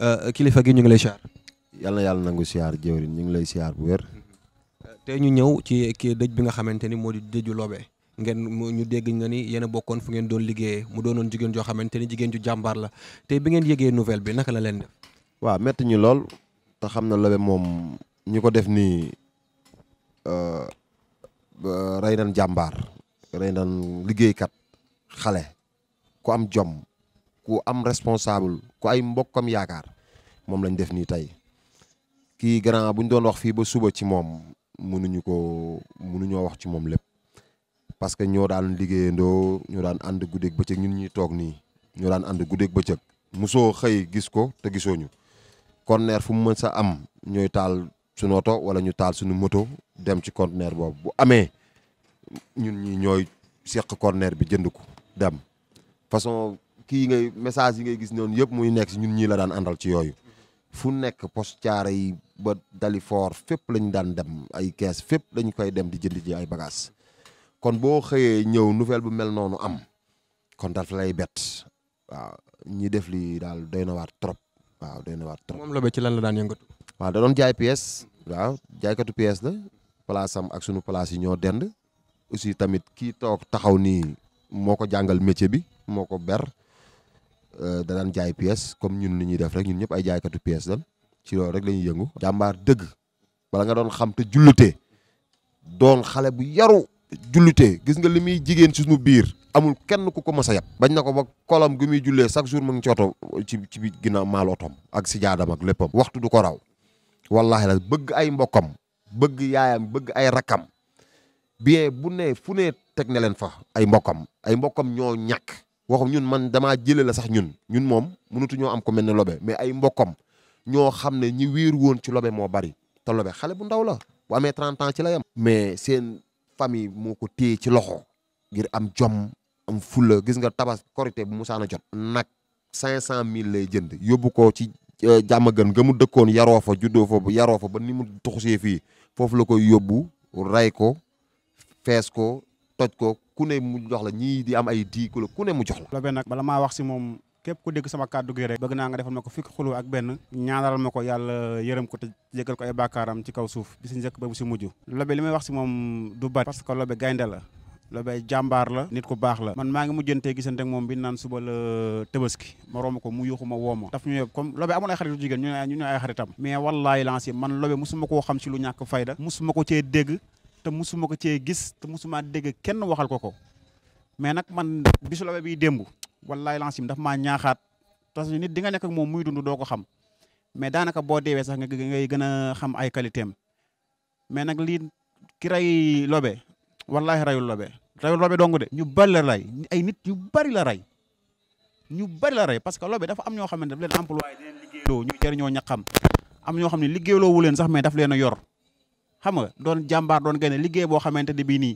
Euh, kilifa gi ñu ngi lay siyaar. yàlla yàlla nangu siyaar jëwriñ ñu ngi lay siyaar bu wér. tey ñu ñëw ci kii dëj bi nga xamante ni moo di dëju Lobé ngeen ñu dégg nga ni yéen a bokkoon fu ngeen doon liggéeyee mu doonoon jigéen joo xamante ni jigéen ju jàmbaar la te bi ngeen yëgee nouvelle bi naka la leen def. waaw métti ñu lool te xam na Lobé moom ñu ko def nii euh, rey nañ jàmbaar rey nañ liggéeykat xale ku am jom ku am responsable ku ay mbokkam yaakaar moom lañ def nii tey kii grand bu ñu doon wax fii ba suba ci moom mënuñu ko mënuñoo wax ci moom lépp parce que ñoo daan liggéeyandoo ñoo daan ànd guddeeg bëccëg ñun ñuy toog nii ñoo daan ànd guddeeg bëccëg musoo xëy gis ko te gisoo ñu fu mu mën sa am ñooy taal suñu oto wala ñu taal suñu moto dem ci conteneur boobu bu amee ñun ñi ñooy seq conteneur bi jënd ko dem façon kii ngay message yi ngay gis noonu yëpp muy nekk si ñun ñii la daan andal ci yooyu fu nekk poste Thiaroye yi ba Dalifort fépp lañu daan dem ay kees fépp dañ koy dem di jënd ji ay bagages kon boo xëyee ñëw nouvelle bu mel noonu am kon daf lay bett waaw ñi def lii daal doy na waar trop waaw doy na waar trop. moom la ba ci lan la daan yëngatu. waaw da doon jaay pièces waaw jaaykatu pièces la place am ak sunu place yi ñoo dend aussi tamit kii toog taxaw nii moo ko jàngal métier bi moo ko ber. Euh, da daan jaay pièces comme ñun li ñuy def rek ñun ñëpp ay jaaykatu pièces lan ci loolu rek la ñuy yëngu. jàmbaar dëgg bala nga doon xam te jullite doon xale bu yaru jullite gis nga li muy jigéen suñu biir amul kenn ku ko mës a yab. bañ na ko ba kolam gi muy jullee chaque jour mu ngi cooto ci ci bi ginnaaw maal otoom ak si jaadam ak léppam. waxtu du ko raw wallahi bëgg ay mbokkam bëgg yaayam bëgg ay rakkam bien bu ne fu ne teg na leen fa ay mbokkam ay mbokkam ñoo ñàkk. waxum ñun man damaa jële la sax ñun ñun moom mënutu ñoo am ko mel lobe mais ay mbokkam ñoo xam ne ñi wéeru woon ci lobe moo bari te lobe xale bu ndaw la bu amee 30 ans ci la mais seen famille moo ko téye ci loxo ngir am jom am fulla gis nga tabas korité bu musaana jot nag cinq cent mille lay jënd yóbbu ko ci euh, jàmm gën nga mu dëkkoon yaroo fa juddoo fa yaroo fa ba ni mu tuxusee fii foofu la koy yóbbu ray ko fees ko toj ko ku ne mu jox la ñii di am ay dii ku la ku ne la. lobe nag bala maa wax moom képp ku dégg sama kàddu gi rek. bëgg naa nga defal ma ko fukki xulu ak benn. ñaanal ma ko yàlla yërëm ko te jégal ko ay baakaaram ci kaw suuf bi si njëkk ba bu si mujj. lobe li may wax moom du bari. parce lobe gaynde la. Lobé jàmbaar la nit ku baax la man maa ngi mujjantee gisante ak moom bi naan suba la Tabaski ma romb ko mu yuuxu ma woo ma daf ñu yóbbu comme Lobé amoon ay xarit jigéen ñu ñu ay xaritam te musuma ko cee gis te musuma dégg kenn waxal ko ko mais nag man bisu la bi démb wallaay lancim daf maa ñaaxaat parce que nit di nga nekk ak moom muy dundu doo ko xam mais daanaka boo deewee sax nga ngay gën a xam ay qualité am mais nag lii ki rey lobe wallahi rayul lobe rayul lobe dong de ñu bari la rey ay nit ñu bari la rey ñu bari la rey parce que lobe dafa am ñoo xamante daf leen employé di leen liggéeyloo am ñoo xam ne liggéeyloo wu leen sax mais daf leen a yor xam nga doon jàmbaar doon gane liggéey boo xamante ne bii nii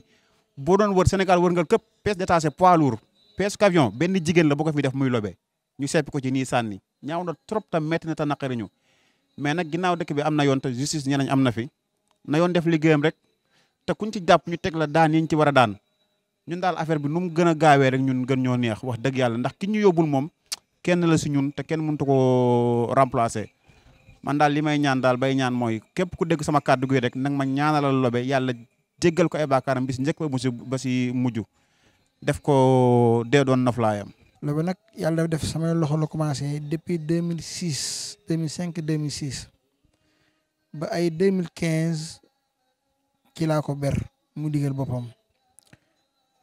boo doon wër Sénégal war nga képp pièce détachée poids lourd pièce avion benn jigéen la bu ko fi def muy lobe ñu seppi ko ci nii sànni ñaaw na trop te métti na te naqari ñu mais nag ginnaaw dëkk bi am na yoon te justice ñeneen am na fi na yoon def liggéeyam rek te kuñ ci jàpp ñu teg la daan yi ñu ci war a daan ñun daal affaire bi nu mu gën a gaawee rek ñun gën ñoo neex wax dëgg yàlla ndax ki ñu yóbbul moom kenn la si ñun te kenn mënut koo remplacer man daal li may ñaan daal bay ñaan mooy képp ku dégg sama kàddu rek nag ma ñaanalal lobe yàlla jéggal ko ay baakaaram bis njëkk ba musi ba si mujj def ko dee doon noflaayam lobe nag yàlla def samay loxo la commencé depuis 2006 2005 2006 ba ay 2015 ci laa ko ber mu digal boppam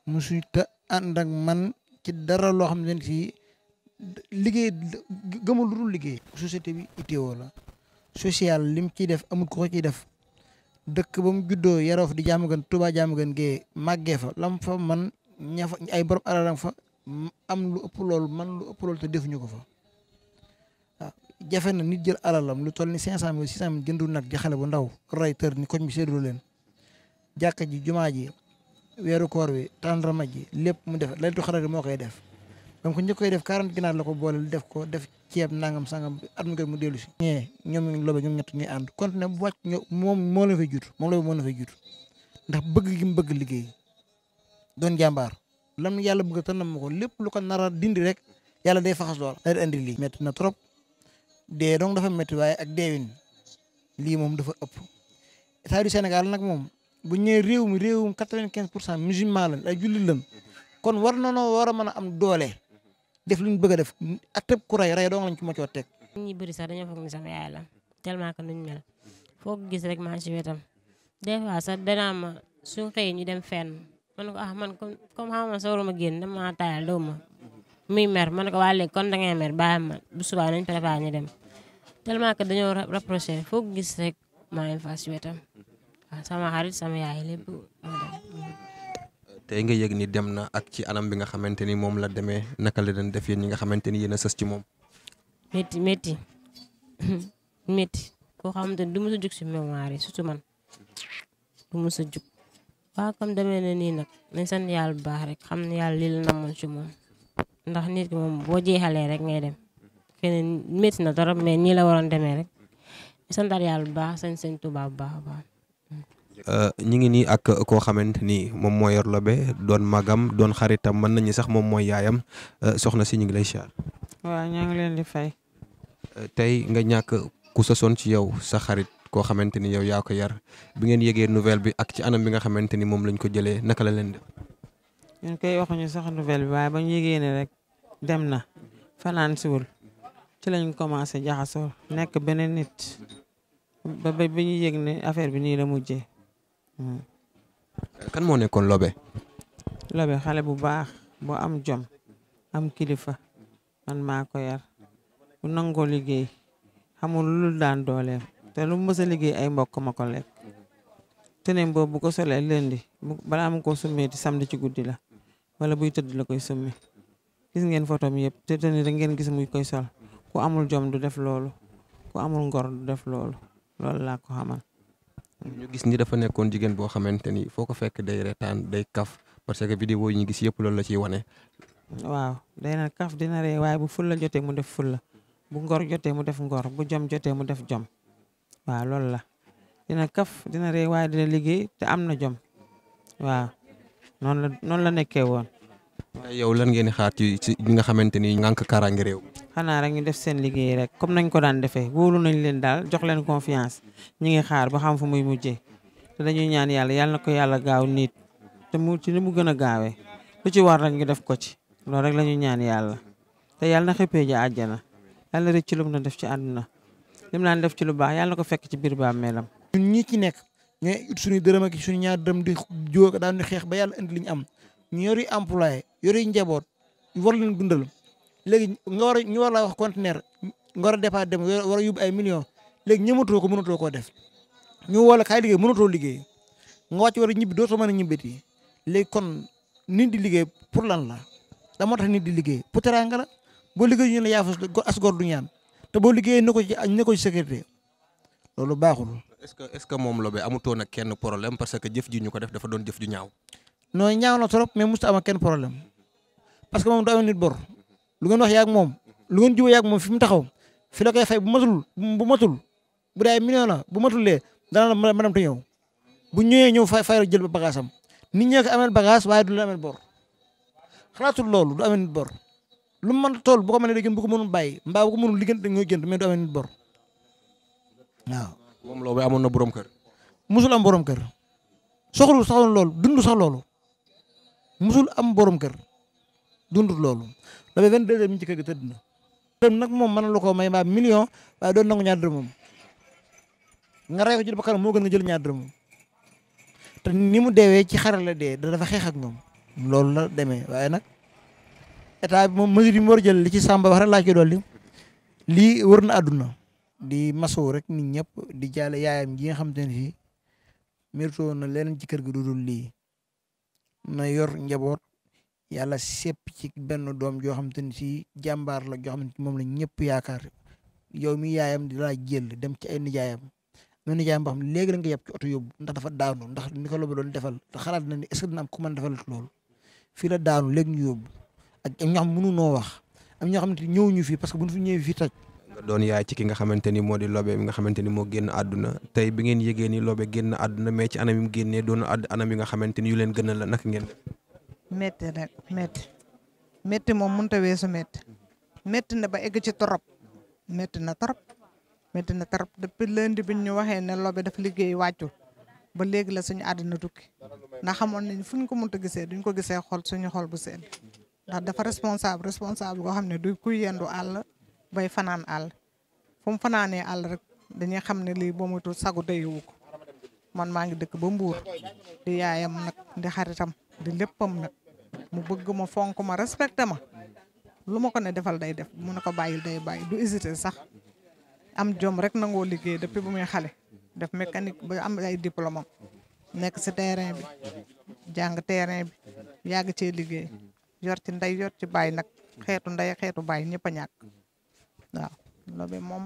mu te ànd ak man ci dara loo xam ne si liggéey gëmul lu dul liggéey société bi itteewoo la social lim ciy def amul ku ko ciy def dëkk ba mu juddoo yaroo di jaamu gën Touba jaamu gën gee màggee fa lam fa man ña ay borom alalam fa am lu ëpp lool man lu ëpp loolu te defuñu ko fa waaw jafe na nit jël alalam lu tol ni 500 mille 600 mille jëndul nag jaxale bu ndaw rey tër ni koñ bi séddoo leen jàkka ji jumaa ji weeru koor wi tàndarma ji lépp mu def laytu xaral moo koy def. donc njëkk koy def 40 ginaar la ko booleel def ko def ceeb nangam sangam at mu gën mu dellu si. ñee ñoom lobe ñoom ñett ñuy ànd konti ne bu wàcc moom moo la fay juutu moom lobe moo la fay juutu ndax bëgg gi mu bëgg liggéey doon jàmbaar lam yàlla bëgg tànnam ma ko lépp lu ko nara dindi rek yàlla day faxas loola. da indi lii métti na trop dee donc dafa métti waaye ak deewin lii moom dafa ëpp état senegal Sénégal nag moom bu ñëwee réew mi réewum 95 pour cent musulman lañ ay jullit lañ kon war na noo war a mën a am doole. def lu ñu bëgg a def atëb ku rey rey dong lañ ci moccoo teg. ñi bëri sax ni sama yaay la tellement que nuñ mel foo ko gis rek maa ci wetam des fois sax danaa ma suñ xëyee ñu dem fenn man ko ah man comme xam ma sawru ma génn dama taayal doo ma muy mer man ko waa léegi kon da ngay mer bàyyi ma bu subaa nañ préparé ñu dem tellement que dañoo rapproché foo ko gis rek maa ngi fas ci wetam sama xarit sama yaay tey nga yëg ni dem na ak ci anam bi nga xamante ni moom la demee naka la doon def yéen ñi nga xamante ni yéen a sës ci moom. métti métti métti koo xamante ni du mos a jug si mémoire a jug demee na nii nag nañ sant yàlla baax rek xam ne yàlla lii la namoon ci moom ndax nit ki moom boo jeexalee rek ngay dem keneen métti na trop mais nii la waroon demee rek sant yàlla bu baax sant sëñ Tuubaa bu baax a baax. Euh, ñi ngi ni ak koo xamante ni moom moo yor Lobé doon magam doon xaritam mën nañu sax moom mooy yaayam euh, soxna si ñu ngi lay siyaar. waaw ñoo leen di fay. Euh, tey nga ñàkk ku sosoon ci yow sa xarit koo xamante ni yow yaa ko yar bi ngeen yëgee nouvelle bi ak ci anam bi nga xamante ni moom lañ ko jëlee naka la leen def. ñun koy waxuñu sax nouvelle bi waaye ba ñu yëgee ne rek dem na fanaan siwul ci lañ commencé jaxasoo nekk beneen nit ba ba ñu yëg ne affaire bi nii la mujjee. Hmm. kan moo nekkoon lobe lobe xale bu baax boo am jom am kilifa man maa ko bu nangoo liggéey xamul lu daan dooleem te lu mës liggéey ay mbokk ma ko lekk. teneem boobu bu ko solee lundi balaa mu ko summeeti samedi ci guddi la wala buy tëdd la koy summi gis ngeen photo mi yëpp te tenue da ngeen gis muy koy sol ku amul jom du def loolu ku amul ngor du def loolu loolu laa ko xamal. ñu gis ni dafa nekkoon jigéen boo xamante ni foo ko fekk day retaan day kaf parce que vidéo yi ñu gis yëpp loolu la ciy wane. waaw day na kaf dina ree waaye bu fulla jotee mu def fulla bu ngor jotee mu def ngor bu jom jotee mu def jom waaw loolu la dina kaf dina ree waaye dina liggéey te am na jom waaw noonu la noonu la nekkee woon. yow lan ngeen di xaar ci ci nga xamante ni ngànk kaaraange réew. xanaa rek ñu def seen liggéey rek comme nañ ko daan defee wóolu nañ leen daal jox leen confiance ñu ngi xaar ba xam fu muy mujjee te dañuy ñaan yàlla yàlla na ko yàlla gaaw nit te mu ci ni mu gën a gaawee lu ci war def ko ci loolu rek la ñu ñaan yàlla te yàlla na xëppee ja àjjana yàlla rëcc lu mu doon def ci àdduna lim naan def ci lu baax yàlla na ko fekk ci biir bàmmeelam ñun ñi ci nekk ñooy ut suñu dërëm ak suñu ñaar dërëm di jóg daan di xeex ba yàlla indi li ñu am ñu yor yi employé yor njaboot war leen dundal léegi nga war a ñu war laa wax conteneur nga war a départ dem war a yóbbu ay millions léegi ñëmatoo ko mënatoo koo def ñu wala kaay liggéey mënatoo liggéey nga wàcc war a ñibbi dootoo mën a ñibbati léegi kon nit di liggéey pour lan la da moo tax nit di liggéey pour teraanga la boo liggéey ñu ne yaa fas as gor du ñaan te boo liggéeyee ne ko ci ne ko ci sécurité loolu baaxul. est-ce que est-ce que moom Lobé amutoon ak kenn problème parce que jëf ji ñu ko def dafa doon jëf ju ñaaw. non ñaaw na trop mais mosut am ak kenn problème parce que moom du am nit bor. lu ngeen wax yaag moom lu ngeen jubóo yaag moom fi mu taxaw fi la koy fay bu matul bu matul bu daay million la bu matul lee dana la madam te ñëw bu ñëwee ñëw fay fay jël ba bagage am nit ñee ko amel waaye du la amel bor xalaatul loolu du amel nit bor lu mën tool bu ko mënee da gën bu ko mënul bàyyi mbaa bu ko mënul liggéey dañoo gën mais du amel nit bor amoon na borom kër. musul am borom kër soxlu saxoon loolu dund sax loolu musul am borom kër dundut loolu dafay 22 heures mi ngi ci kër gi na. nag moom mën la ko may mbaa million waaye doon nangu ñaar dërëm moom nga moo gën nga jël ñaar te ni mu deewee ci xare xeex ak moom loolu la demee waaye nag état moom mesure yi mu war jël li ci Samba wax rek laa ci dolli lii wër na àdduna di masoo rek nit ñëpp di jaale yaayam ji nga xam te ne fii mérito na leneen ci kër gi dudu lii na yor njaboot yàlla sepp ci benn doom joo xamante ni si jàmbar la joo xamante moom la ñëpp yaakaar yow mi yaayam di laa jël dem ci ay nijaayam mu nijaayam boo xam léegi la nga yàpp ci oto yóbbu ndax dafa daanu ndax ni doon defal xalaat na ni est-ce que dina defal loolu fii la daanu léegi ñu yóbbu ak ñoo xam mënu noo wax am ñoo xamante ni ñëw ñu fii parce que bu ñu fi ñëwee ci ki nga xamante moo di Lobé mi nga xamante ni moo génn àdduna tey bi ngeen yëgee ni Lobé génn àdduna mais ci anam yi mu génnee doon anam yi nga xamante ni yu leen gën a la naka ngeen métti rek métti métti moom mënut a weesu metti métti na ba egg ci torop metti na torop metti na torop depuis lundi bi ñu waxee ne lobe dafa liggéey wàccul ba léegi la suñ àddina tukki ndax xamoon nañ fu ñu ko mënut a gisee duñ ko gisee xol suñu xol bu sedd ndax dafa responsable responsable boo xam ne du kuy yendu àll bay fanaan àll fu mu fanaanee àll rek dañuy xam ne lii boo moytu sagu dayewu ko man maa ngi dëkk ba Mbuur di yaayam nag di xaritam di léppam mu bëgg ma fonk ma respecté ma lu ma ko ne defal day def mu ne ko bàyyil day bàyyi du hésité sax am jom rek nangoo liggéey depuis bu muy xale def mécanique ba am ay diplôme am nekk si terrain bi jàng terrain bi yàgg cee liggéey yor ci ndey yor ci bàyyi nag xeetu nday xeetu bàyyi ñëpp a ñàkk waaw loolu moom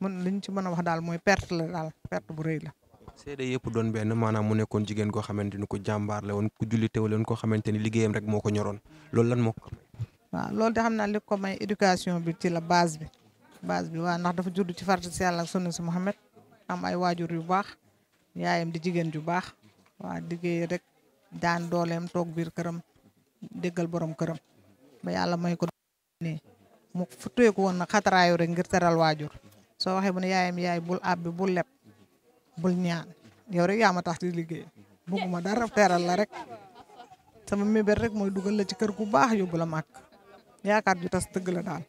mën liñ ci mën a wax daal mooy perte la daal perte bu rëy la seede yëpp doon benn maanaam mu nekkoon jigéen koo xamante ni ku jàmbaar la woon ku jullite woon koo xamante ni liggéeyam rek moo ko ñoroon loolu lan moo ko waaw loolu de xam naa li ko may éducation bi ci la base bi base bi waaw ndax dafa judd ci farata si yàlla ak sunna si Muhammad am ay waajur yu baax yaayam di jigéen ju baax waa liggéey rek daan dooleem toog biir këram dëggal borom këram ba yàlla may ko nii mu futteeku woon na xataraayu rek ngir teral waajur soo waxee mu ne yaayam yaay bul àbbi bul leb bul ñaan yow rek yaa ma tax di liggéey bugguma dara teral la rek sama mébét rek mooy dugal la ci kër gu baax yóbbu la màkk yaakaar ju tas dëgg la daal.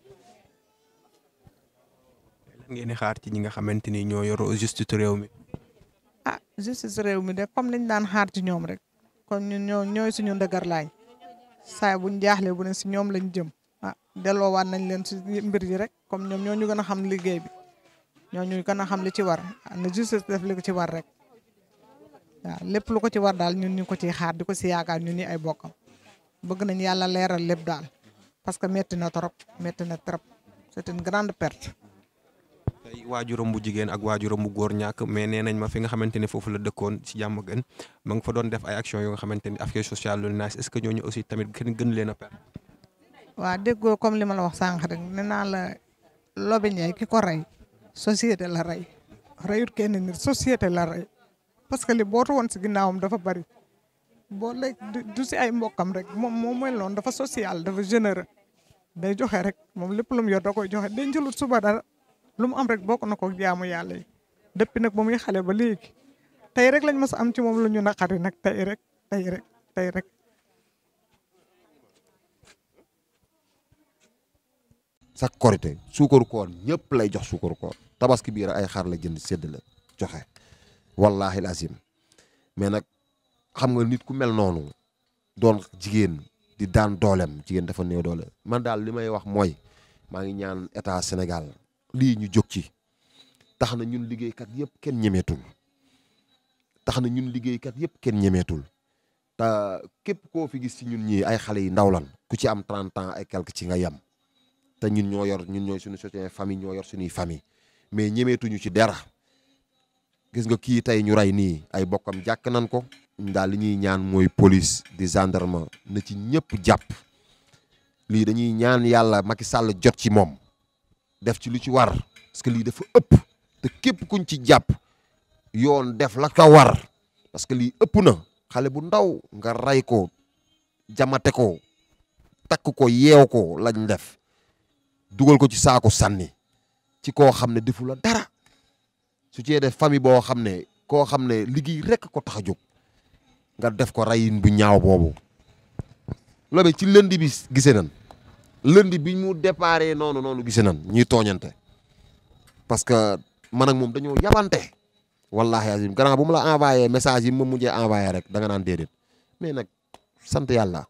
ngeen di xaar ci ñi nga xamante ni ñoo yor justice réew mi. ah justice réew mi de comme liñ daan xaar ci ñoom rek kon ñun ñoo ñooy suñu ndëgër laañ saay buñ jaaxlee bu ne si ñoom lañ jëm ah delloowaat nañ leen si mbir yi rek comme ñoom ñoo ñu gën a xam liggéey bi. ñoo ñu gën a xam li ci war na justice def li ci war rek waaw lépp lu ko ci war daal ñun ñu ko ci xaar di ko si yaakaar ñun ni ay bokkam bëgg nañ yàlla leeral lépp daal parce que métti na trop métti na trop c'est une grande perte. tey waajuram bu jigéen ak waajuram bu góor ñàkk mais nee nañ ma fi nga xamante ne foofu la dëkkoon si jàmm gën ma nga fa doon def ay action yu nga xamante ni affaire sociale lu naaj est-ce que ñooñu aussi tamit kenn gën leen a perte. waaw déggoo comme li ma la wax sànq rek nee naa la Lobé Ndiaye ki ko rey. société la rey reyut kenn nit société la parce que li bootu woon si ginnaawam dafa bari boo lekk du si ay mbokkam rek moom moom mooy loon dafa social dafa généreux day joxe rek moom lépp lu mu yor da koy joxe dencalut suba dara lu mu am rek bokk na ko jaamu yàlla yi depuis nag ba muy xale ba léegi tey rek lañ mës a am ci moom lu ñu naqari nag tey rek tey rek sa korité suukaru ñëpp lay jox suukaru koor tabaski biir ay xar la jënd si sédd la joxe wallaahi lazim mais nag xam nga nit ku mel noonu doon jigéen di daan doolem jigéen dafa néew doole man daal li may wax mooy maa ngi ñaan état Sénégal lii ñu jóg ci tax na ñun liggéeykat yëpp kenn ñemeetul tax na ñun liggéeykat yëpp kenn ñemeetul te képp koo fi gis ci ñun ñii ay xale yi ndaw lan ku ci am 30 ans ay quelque ci nga yem te ñun ñoo yor ñun ñooy suñu soutien famille ñoo yor suñuy famille mais ñemeetuñu ci dara gis nga kii tey ñu rey nii ay bokkam jàkk nan ko daal li ñuy ñaan mooy police di gendarme na ci ñëpp jàpp lii dañuy ñaan yàlla Macky Sall jot ci moom def ci lu ci war parce que lii dafa ëpp te képp kuñ ci jàpp yoon def la ka war parce que lii ëpp na xale bu ndaw nga ray ko jamate ko takk ko yeew ko lañ def dugal ko ci saako sànni ci koo xam ne defu la dara su cee def famille boo xam ne koo xam ne liggéey rek ko tax a jóg nga def ko rayin bu ñaaw boobu lobe ci lënd bi gise nan lënd bi mu déparé noonu noonu gise nan ñuy tooñante parce que man ak moom dañoo yabante wallahi azim grand bu mu la envoyé message yi mu mujjee envoyé rek da nga naan déedéet mais nag sant yàlla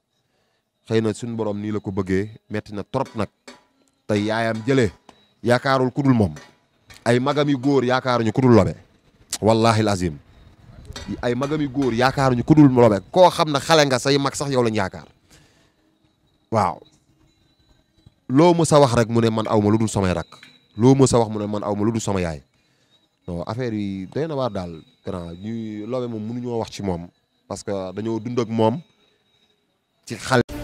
xëy na suñu borom nii la ko bëggee metti na trop nag tey yaayam jële yakaarul ku dul moom ay magam yu góor yaakaaruñu ku dul lobe wallaahi azim ay magam yu góor yaakaaruñu ku dul lobe koo xam ne xale nga say mag sax yow lañ yaakaar waaw loo mës a wax rek mu ne man aw ma lu dul samay rak a wax mu ne aw ma lu dul yaay non affaire yi day na waar daal grand ñuy lobe moom mënuñoo wax ci moom parce que dañoo dund ak moom ci xale